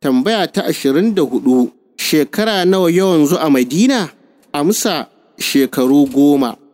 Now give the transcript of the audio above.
Tambaya ta ashirin da hudu shekara nawa yawan zu a Madina? Amsa shekaru goma.